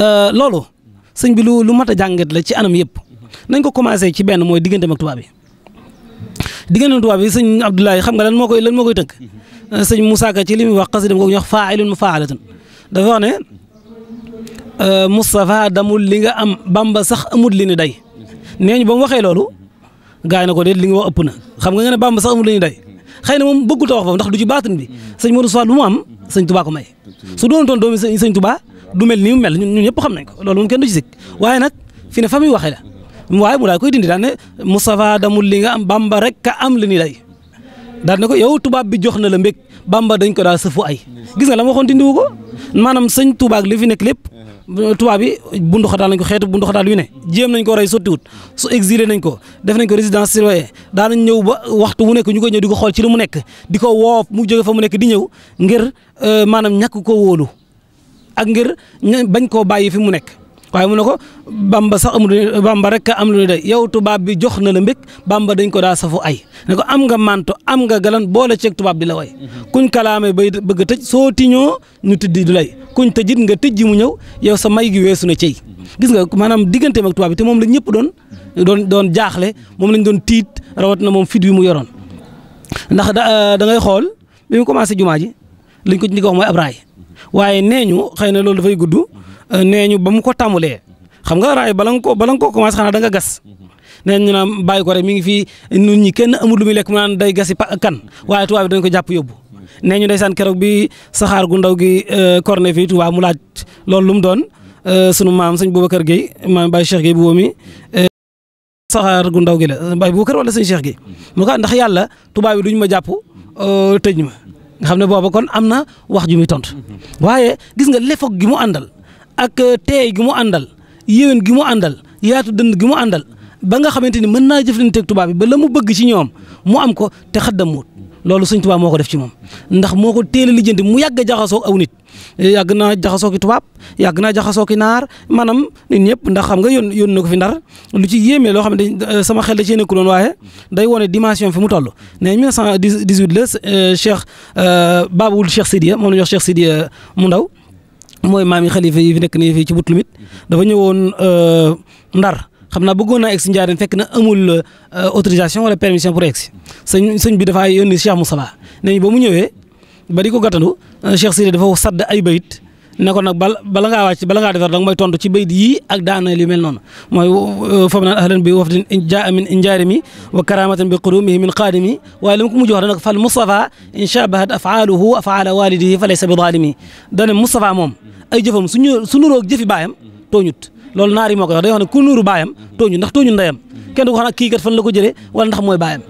Euh, loolu sëñ bi lu lu mat a jàngat la ci anam yëpp nañ ko commencé ci benn mooy diggante ak tubaab bi diggante ak tubaab bi sëñ Abdoulaye xam nga lan moo koy lan moo koy tënk euh, sëñ Moussa Ka ci li mu wax xasidam googu ñu wax faailun mu faalatin dafa wax ne euh, Moustapha damul li nga am Bamba sax amut li ni day nee ñu ba waxee loolu gaay na ko déet li nga wax ëpp na xam nga nga ne Bamba sax amul li day xëy na moom bëggul ta wax foofu ndax du ci baatin bi sëñ Modou Sow lu mu am sëñ Touba du mel ni mu mel ñun ñëpp xam nañ ko loolu moom kenn du ci sikk waaye nag fi ne fa muy waxee la waaye mu daal koy dindi daan ne Moustapha damul li nga am Bamba rek ka am li ni lay daan ne ko yow tubaab bi jox na la mbég Bamba dañ ko daal sëfu ay gis nga la ma waxoon wu ko maanaam sëñ Touba ak li fi nekk lépp tubaab bi bundu xataal nañ ko xeetu bundu xataal yu ne jéem nañ ko rey sottiwut su exilé nañ ko def nañ ko résidence surveillée daanañ ñëw ba waxtu wu nekk ñu ko ñëw di ko xool ci li mu nekk di ko woof mu jóge fa mu nekk di ñëw ngir euh, maanaam ñàkk ko wóolu ak ngir bañ koo bàyyi fi mu nekk waaye mu ne ko bamba sax amul bamba rek am lu ne day yow tubaab bi jox na la mbég bamba dañ ko daa safu ay ne ko am nga manto am nga galan boole ceeg tubaab di la way kuñ kalaame ba bëgg a tëj soo tiñoo ñu tiddi du lay kuñ tëjit nga tëjji mu ñëw yow sa may gi weesu na cey gis nga maanaam digganteem ak tubaab bi te moom la ñëpp doon doon doon jaaxle moom lañ doon tiit rawat na moom fit wi mu yoroon ndax euh, da ngay xool bi mu commencé jumaa ji lañ ko ci mooy ab raay waaye nee ñu xëy na loolu dafay gudd euh, nee ñu ba mu ko tàmbalee xam nga raay bala nga ko xanaa da nga gas nee ñu naan bàyyi ko rek mi ngi fii nun ñi kenn amul lu muy lekk mu naan day gasi kan waaye tubaab bi dañ ko jàpp yóbbu nee ñu ndeysaan keroog bi saxaar gu ndaw gi euh, corne fii tubaab mu laaj loolu lu mu doon euh, sunu maam sëñ Boubacar Guèye maam Baye Cheikh Guèye bu wóomi saxaar gu ndaw gi la Baye Boubacar kër sëñ Cheikh Guèye mu ko ah, ndax yàlla tubaab bi duñ ma jàpp tëj ma nga xam ne booba kon am na wax ju muy tontu waaye gis nga lefog gi mu àndal ak euh, teey gi mu àndal yéwén gi mu àndal yaatu dënd gi mu àndal ba nga xamante ni mën naa jëflanteeg tubaab bi ba la mu bëgg ci ñoom mu am ko te dam muut loolu sëñ tubaab moo ko def ci moom ndax moo ko teel a lijjanti mu yàgg a jaxasoo aw yàgg naa jaxasoo ki tubaab yàgg naa jaxasoo ki naar maanaam nit ñëpp ndax xam nga yón yónn na ko fi ndar lu ci yéeme loo xam ne euh, sama xel da cee nekkuloon waaye day wone dimension fi mu toll ne 1918 la euh, Cheikh euh, Babul Cheikh Sidiya moom la ñuy wax Cheikh Sidiya mu ndaw mooy maami xalifa yi fi nekk ni fii ci Boutlimit dafa ñëwoon ndar xam naa bëggoon naa egg si njaareen fekk na amul autorisation wala permission pour egg si sëñ sëñ bi dafaa yónni Cheikh Moussa ne ñu ba mu ñëwee. bariko gatanu Cheikh Sidi dafa sadd ay bayit ne nak bal bala ngaa wàcc bala nga defar danga moy tontu ci bayit yi ak daana li mel non moy famna ahlan bi wafdin jaa min injarimi wa karamatan bi qurumihi min qadimi wa lam ma ko nak fal mustafa in shabahat af'aluhu afaala walidihi fa laysa bi zalimi dane mustafa mom ay jëfam suñu su nuroog jëfi bayam toñut lol naari moko wax day wax ne ku nuru bayam toñu ndax toñu ndayam kenn ko xana ki kii kat fan la ko jere wala ndax moy bayam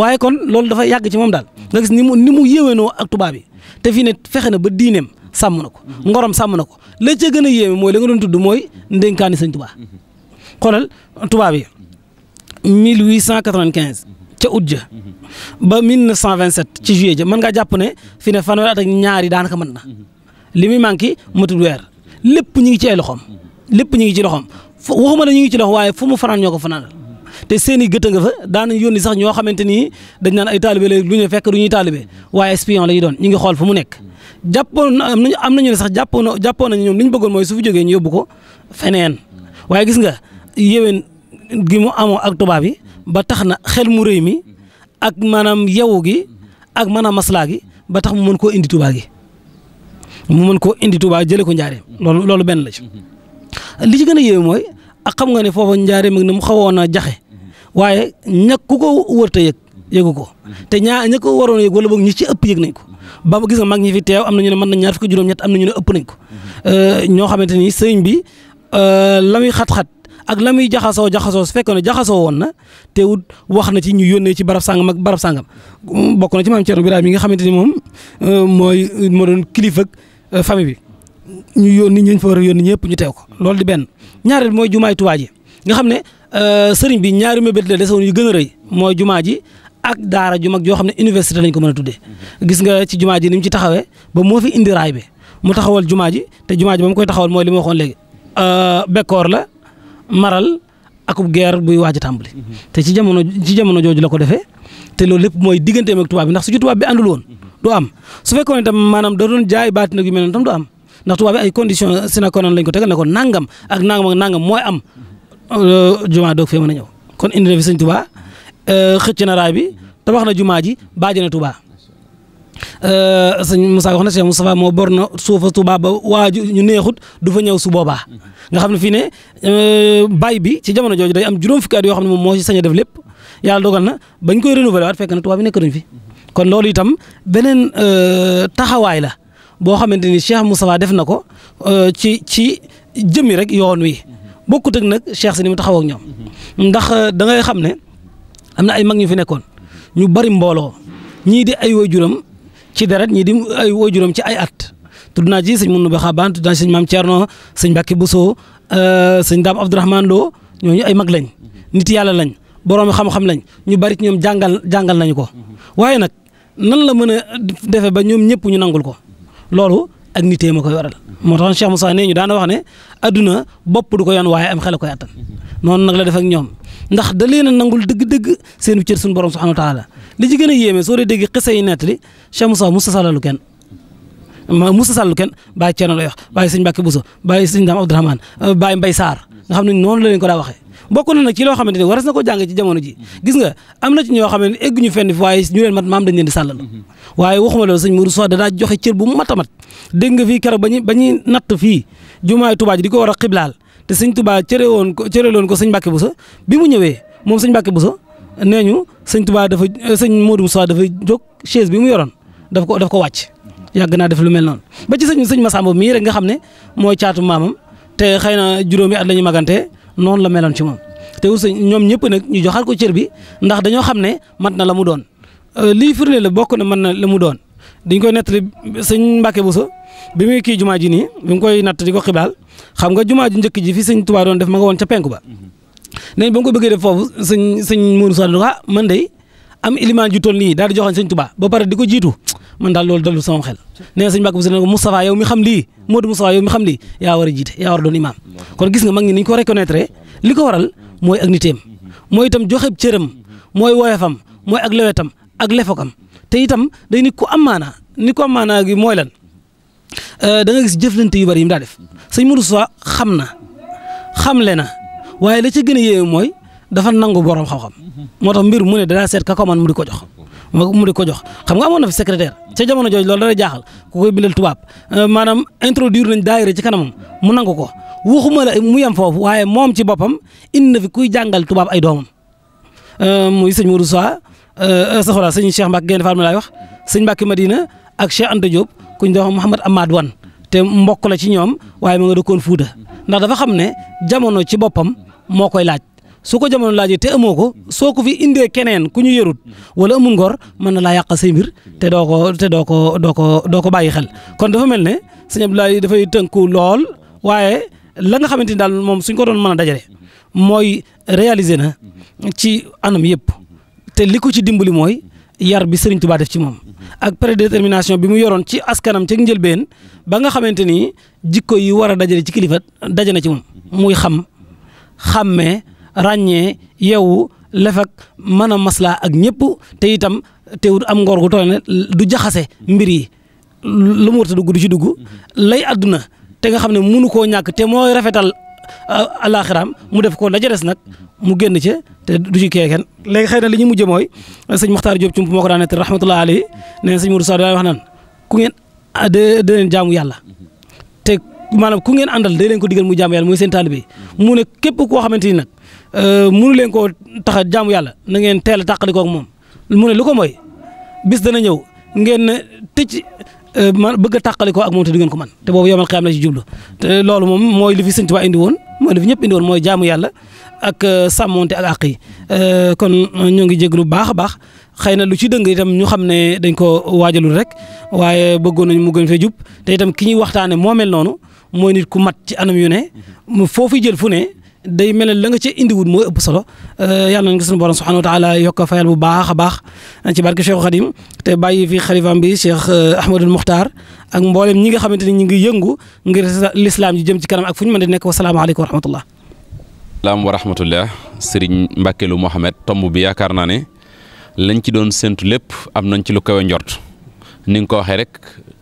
waye kon lol dafa yag ci mom dal nga gis ni mu ni mu yéwénoo ak tubaab yi te fii ne fexe na ba diineem sàmm na ko mhm. ngorom sàmm na ko la ca gën a yéeme mooy la nga doon tudd mooy ndénkaani sëñ tubaa mhm. xoolal tubaab yi 1895 ca août ja mhm. ba 1927 ci juillet ja mën ngaa jàpp ne fi ne fanweeri at ak ñaari daanaka mën na li muy manqué matul weer lépp ñu ngi ci ay loxoom lépp ñu ngi ci loxoom waxuma la ñu ngi ci loxo waaye fu fanaan ñoo ko fanaanal te seen i nga fa daanañ yónni sax ñoo xamante ni dañ naan ay taalibe léegi ñu fekk du ñuy taalibe waaye espion la ñu doon ñu ngi xool fu mu nekk jàppoon am nañu am nañu ne sax jàppoon na jàppoon nañu ñoom li ñu bëggoon mooy su fi jógee ñu yóbbu ko feneen waaye gis nga yéwén gi mu amoo ak tubaab yi ba tax na xel mu rëy mi ak maanaam yewu gi ak maanaam maslaa gi ba tax mu mën ko indi tubaa gi mu mën koo indi tubaa jëlee ko njaareem loolu loolu benn la ci li ci gën a yéeme mooy ak xam nga ne foofa njaareem ak na mu xawoon a jaxe waaye ñag ko wërta yëg yëgu ko te ñaa ña ko waroon yëg wala boog ñi ci ëpp yëg nañ ko ba gis nga mag ñi fi teew am na ñu ne mën na ñaar fukki juróom-ñett am na ñu ne ëpp nañ ko euh, ñoo xamante ni sëriñ bi euh, la muy xat-xat ak la muy jaxasoo jaxasoo su fekkoon ne jaxasoo woon na te wut wax na ci ñu yónnee ci barab sàngam ak barab sàngam bokk na ci maam Thierno Birahim nga xamante ni moom euh, mooy moo doon kilifa ak famille bi ñu yónni ñu fa war a yónni ñëpp ñu teew ko loolu di benn ñaareel mooy jumaay Tuubaa ji nga xam ne euh, sëriñ bi ñaari mébét la desewoon yu yi a rëy mooy jumaa ji ak daara ju mag joo xam ne université lañ ko mën a tuddee mm-hmm. gis nga ci jumaa ji lañ mu ci taxawee ba moo fi indi raay bi mu taxawal jumaa ji te jumaa ji ba koy taxawal mooy li ma waxoon léegi euh, la maral akub guerre buy waaj a tàmbali mm-hmm. te ci jamono ci jamono jooju la ko defee te loolu lépp mooy digganteem ak tubaab bi ndax su ci tubaab bi àndul woon mm-hmm. du am maanaam da jaay baati nag yu mel noonu tam du am ndax tubaab bi ay condition sina konoon lañ ko tegal ne nangam ak nangam ak nangam mooy am Euh, jumaa doog fee mën a ñëw kon indi na fi sëñ Touba euh, xëcc na raay bi tabax na jumaa ji baaje na Touba euh, sëñ Moussa wax na Cheikh Moustapha moo bor na suufa Touba ba waaju ñu neexut du fa ñëw su boobaa nga xam ne fii ne baay bi ci jamono jooju day am juróom fukki at yoo xam ne moom moo saña def lépp yàlla dogal na bañ koy renouveler waat fekk na Touba bi nekkatuñ fi kon loolu itam beneen taxawaay la boo xamante ni Cheikh Moustapha def na ko ci ci jëmmi rek yoon wi bokkut ak nag Cheikh si ni mu taxaw ak ñoom mhm. ndax euh, da xam ne am na ay mag ñu fi nekkoon ñu bari mbooloo ñii di ay waajuram ci deret ñii di ay waajuram ci ay at tudd naa ci sëñ Mounou Baxabane tudd naa ci sëñ Maam Thierno sëñ Mbacke Bousso euh, sëñ Dame Abdourahmane Lo ñooñu ay mag lañ mhm. nit yàlla lañ borom xam-xam lañ ñu bari ci ñoom jàngal jàngal nañu ko mhm. waaye nag nan la mën a defe ba ñoom ñëpp ñu nangul ko loolu ak nitee ma koy waral moo tax Cheikh Moussa nee ñu daana wax ne adduna bopp du ko yoon waaye am xel koy attan noonu nag la def ak ñoom ndax da leen a nangul dëgg-dëgg seen cër suñu borom subhanahu wa taala li ci gën a yéeme soo dee dégg xisa yi nettali Cheikh Moussa musa salalu kenn Moussa Sall kenn Baye Thierno lay wax Baye euh, la leen ko daa waxee bokk na nag ci loo xamante ne waras na ko jàng ci jamono ji gis na ci ñoo xam ne egguñu fenn fi waaye ñu leen mat maam dañ leen di sàllal waaye waxuma loolu sëñ Mourou Sow danaa joxe cër bu a mat dégg nga ba ba ñuy natt fii jumaay Tuubaa ji di ko war a xiblaal te sëñ Tuubaa cëre woon ko cëre loon bi mu ñëwee moom sëñ Mbacke Bousso nee ñu sëñ Tuubaa dafa sëñ Mourou Sow dafa jóg chaise bi mu yoroon daf ko daf yàgg naa def lu mel noonu ba ci sëñ sëñ Massamba mii rek nga xam ne mooy caatu maamam te xëy na juróomi at la ñu magante noonu la meloon ci moom te wut sëñ ñoom ñëpp nag ñu joxaat ko cër bi ndax xam ne mat na la mu doon euh, lii firnde la bokk na mën na la mu doon dañ koy nettali sëñ Mbacke Bousso bi muy kii jumaa ji nii bi mu koy natt di ko xibaal xam nga jumaa ji njëkk ji fi sëñ Tuubaa def ma nga woon ca penku ba mm-hmm. nañ ba nga ko bëggee def foofu sëñ sëñ Mourou Sow ah man day am ilimaan ju toll nii daal di joxoon sëñ ba pare di ko jiitu man daal loolu dalul sama xel nee na sëñ Mbàkke Buso xam lii Modou Moustapha yow mi xam lii a jiite yaa war a doon imaam kon gis nga mag ñi ni ko reconnaître li ko waral mooy ak niteem mooy itam joxeb cëram mooy woyefam mooy ak lewetam ak lefokam te itam day nit ku am maanaa nit ku am maanaa gi mooy lan euh, da nga gis jëflante bari yi mu daa def sañ Modou Moustapha xam na xamle na waaye la ca gën a yéeme mooy dafa nangu borom xaw xam moo tax mbir mu ne danaa seet ka ko mu di ko jox mu di ko jox xam nga amoon na fi secrétaire ca jamono jooju loolu dana jaaxal ku koy bindal tubaab euh, maanaam introduire nañ daayira ci kanamam mu nangu ko waxuma la mu yem foofu waaye moom ci boppam indi na fi kuy jàngal tubaab ay doomam euh, muy sëñ Modou Soa euh, saxola sëñ Cheikh Mbacke Gaynde Fatma laay wax sëñ ma Madina ak Cheikh Anta Diop kuñ doon wax Mouhamad Amad Wan te mbokk la ci ñoom waaye ma nga dëkkoon Fuuta ndax dafa xam ne jamono ci boppam moo koy laaj su ko jamono laajee te amoo ko soo ko fi indee keneen ku ñu yërut wala amul ngor mën na laa yàq say te doo ko te doo ko doo ko doo ko bàyyi xel kon dafa mel ne sëñ Abdoulaye dafay tënku lool waaye la nga xamante ni daal moom suñ ko doon mën a dajale mooy réaliser na ci anam yëpp te li ko ci dimbali mooy yar bi Serigne Touba def ci moom ak prédétermination bi mu yoroon ci askanam ca njëlbeen ba nga xamante ni jikko yi war a dajale ci kilifa daje na ci moom muy xam xàmmee ràññee yeewu lefak mën a ak ñëpp te itam teewut am ngor gu tooy du jaxase mbir yi lu mu warta dugg du ci dugg lay àdduna te nga xam ne munu koo ñàkk te mooy rafetal uh, alaxiraam mu def ko la ca des nag mu génn ce te du ci kee kenn léegi xëy na li ñu mujj mooy sëñ Makhtar Diop Thioump moo ko daan ne te rahmatullahi alayhi nee na sëñ Modou Sow daan wax naan ku ngeen ah, de de leen jaamu yàlla te maanaam ku àndal day leen ko digal mu jaamu yàlla mooy seen taalibe mu ne képp koo xamante ni nag Euh, mënu leen ko tax a jaamu yàlla na ngeen teel a tàqalikoo ak moom mu ne lu ko mooy bis dana ñëw ngeen tëj euh, man bëgg a tàqalikoo ak moom te du ngeen ko man te boobu yomal xiyaam la ci jublu te loolu moom mooy li fi Sëñ Tuubaa indi woon mooy li ñëpp indi woon mooy jaamu yàlla ak euh, sàmmonte ak àq yi kon ñoo ngi jéglu baax a baax xëy na lu ci dëng itam ñu xam ne dañ ko waajalul rek waaye bëggoon nañ mu gën fee jub te itam ki ñuy waxtaane moo noonu mooy nit ku mat ci anam yu ne jël fu ne day mel la nga ca indiwul moo ëpp solo euh, yàlla nañ ko suñu borom subhanahu wa yokk fayal bu baax a baax euh, ci barke Cheikh Khadim te bàyyi fi xalifaam bi Cheikh euh, Ahmadul Muxtaar ak mboolem ñi nga xamante ne ñu ngi yëngu ngir lislaam ji jëm ci kanam ak fu ñu mën di nekk wasalaamaaleykum wa rahmatullah. salaam wa rahmatullah Serigne Mouhamed tomb bi yaakaar naa ne lañ ci doon séntu lépp am nañ ci lu kawe njort ni nga ko waxee rek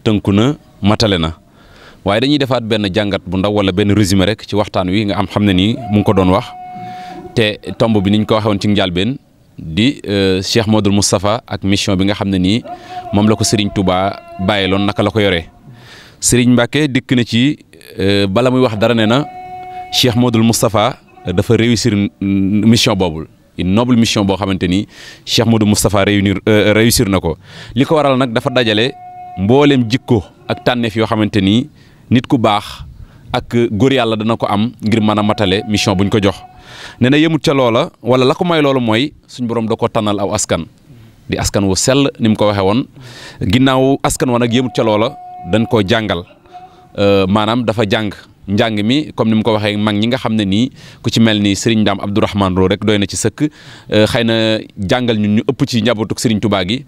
tënku na matale na. waaye dañuy defaat benn jàngat bu ndaw wala benn résumé rek ci waxtaan wi nga am xam ne nii mu ngi ko doon wax te tomb bi niñ ko waxee ci ci njàlbeen di euh, Cheikh Modou Moustapha ak mission bi nga xam ne nii moom la ko Serigne Touba bàyyiloon naka la ko yoree Serigne Mbacke dikk na ci euh, bala muy wax dara ne na Cheikh Modou Moustapha dafa réussir mission boobul une noble mission boo xamante ni Cheikh Modou Moustapha réunir euh, réussir na ko li ko waral nag dafa dajale mboolem jikko ak tànneef yoo xamante ni nit ku baax ak góor yàlla dana ko am ngir mën matale mission buñ ko jox nee na yëmut ca loola wala la ko may loolu mooy suñ borom da ko aw askan di askan wu sel ni ko waxee woon askan wa nag yëmut ca loola dañ koo jàngal dafa jang, njàng mi comme ni mu ko waxee mag ñi nga xam ne ku ci mel ni Serigne dam Abdourahmane Lo rek doy ci sëkk xëy na jàngal ñun ñu ëpp ci njabootuk Serigne Touba gi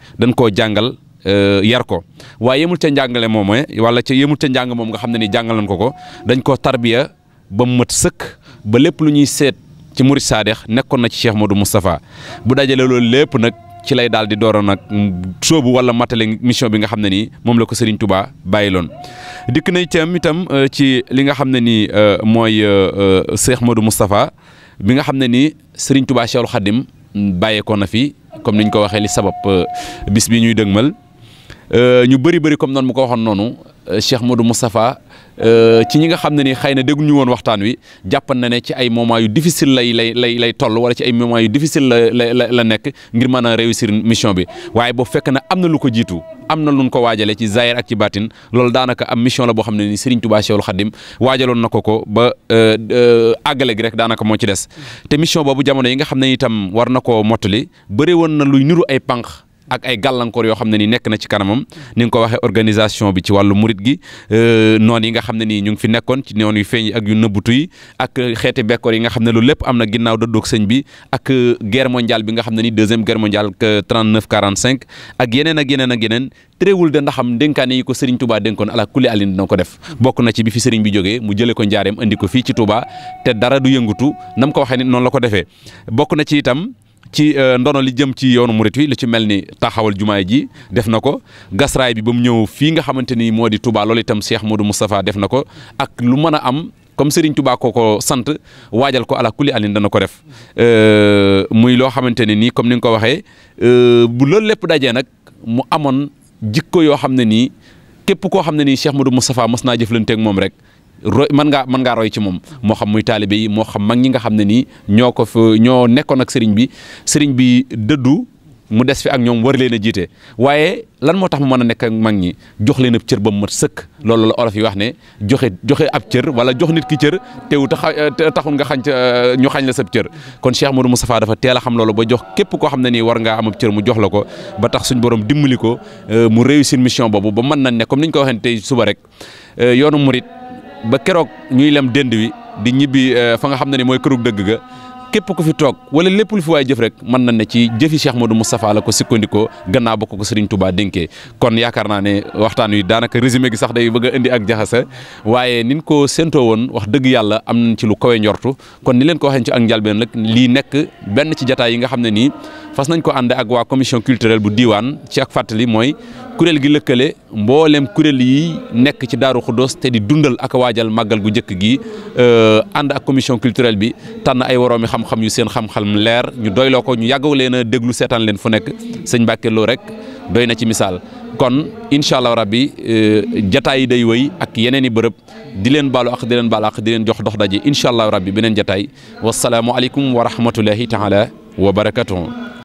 Euh, yar ko waaye yëmul ca njàngale moom eh, wala ca yemul ca njàng moom nga xam ne ni jàngal nañ ko ko dañ koo tarbiya ba mu mët sëkk ba lépp lu ñuy seet ci murid saadex nekkoon na ci Cheikh Modou Moustapha bu dajale loolu lépp nag ci lay daal di dooroon nag mm, sóobu wala matale mission bi nga xam ne nii moom la ko Serigne Touba bàyyi loon dikk na itam itam euh, ci li nga xam ne nii euh, mooy Cheikh Modou Moustapha bi nga xam ne nii Serigne Touba Cheikhul Khadim mm, na fi comme niñ ko waxee li sabab bis bi ñuy dëgmal Euh, ñu bari bëri comme noonu mu ko waxoon noonu euh, Cheikh Modou Moustapha euh, ci ñi nga xam ne ni xëy na dégguñu woon waxtaan wi jàppan na ne ci ay moment yu difficile lay lay lay lay toll wala ci ay moment yu difficile la la la nekk ngir mën a réussir mission bi waaye boobu fekk na am na lu ko jiitu am na lu ñu ko waajale ci Zahir ak ci baatin loolu daanaka am mission la boo xam ne ni Serigne Touba Cheikhul Khadim waajaloon na ko ko ba àggale gi rek daanaka moo ci des te mission boobu jamono yi nga xam ne itam war na koo mottali bëri woon na luy niru ay pànq. ak ay gàllankoor yoo xam ne ni nekk na ci kanamam ni nga ko waxee organisation bi ci wàllu murit gi euh, noonu yi nga xam ne ni ñu ngi fi nekkoon ci noonu yu feeñ ak yu nëbbutu yi ak euh, xeeti bekkoor yi nga xam ne lu lépp am na ginnaaw dëddoog sëñ bi ak euh, guerre mondiale bi nga xam ne ni deuxième guerre mondiale 39 45 ak yeneen ak yeneen ak yeneen tréewul de ndaxam dénkaane yi ko sëriñ Touba dénkoon ala kulli alin dina ko def bokk na ci bi fi sëriñ bi jógee mu jëlee ko njaareem andi ko fii ci Touba te dara du yëngutu nam ko waxee ni noonu la ko defee bokk na ci itam ci euh, ndono li jëm ci yoonu murit wi li ci mel ni taxawal jumaay ji def na ko gasraay bi ba mu ñëw fii nga xamante ni moo di Touba itam Cheikh Modou Moustapha def na ko ak lu mën a am comme Serigne Touba koo ko sant waajal ko ala kulli alin dana ko def euh, muy loo xamante ne nii comme ni nga ko waxee euh, bu loolu lépp dajee nag mu amoon jikko yoo xam ne nii képp koo xam ne nii Cheikh Modou Moustapha mos naa jëflanteeg moom rek. roy mën ngaa mën ngaa roy ci moom moo xam muy taalibe yi moo xam mag ñi nga xam ne nii ñoo ko fa ñoo nekkoon ak sëriñ bi sëriñ bi dëddu mu des fi ak ñoom war leen a jiite waaye lan moo tax mu mën a nekk ak mag ñi jox leen ab cër ba mu mat sëkk loolu la olof yi wax ne joxe joxe ab cër wala jox nit ki cër teewu taxul nga xañ ñu xañ la sab cër kon Cheikh Modou Moustapha dafa teel a xam loolu ba jox képp koo xam ne nii war ngaa am cër mu jox la ko ba tax suñ borom dimbali ko euh, mu réussir mission boobu ba mën na ne comme ni ñu ko waxee tey suba rek euh, yoonu murit ba keroog ñuy lem dend wi di ñibbi euh, fa nga xam ne ni mooy kërug dëgg ga képp ku fi toog wala lépp lu fi waay jëf rek mën na ne ci jëfi Cheikh Modou Moustapha la ko sikkandikoo gannaaw bokk ko Serigne Touba dénkee kon yaakaar naa ne waxtaan wi daanaka résumé gi sax day bëgg a indi ak jaxasa waaye nin ko séntoo woon wax dëgg yàlla am nañ ci lu kawe njortu kon ni leen ko waxee ci ak njalbeen nag lii nekk benn ci jataay yi nga xam ne nii fas nañ ko ànd ak waa commission culturelle bu diiwaan ci fàttali mooy kuréel gi lëkkale mboolem kuréel yi nekk ci Daaru Xuddoos te di dundal ak waajal màggal gu njëkk gi euh, ànd ak commission culturelle bi tànn ay woroomi xam-xam yu seen xam-xam leer ñu doyloo ko ñu yàggaw leen a déglu seetaan leen fu nekk sañ Mbàkke Lo rek doy na ci misaal kon incha allah rabbi euh, jataay yi day woy ak yeneen i bërëb di leen baalu ak di leen baal ak di leen jox dox daje incha allah rabbi beneen jataay wasalaamualeykum wa rahmatullahi taala wa barakatuh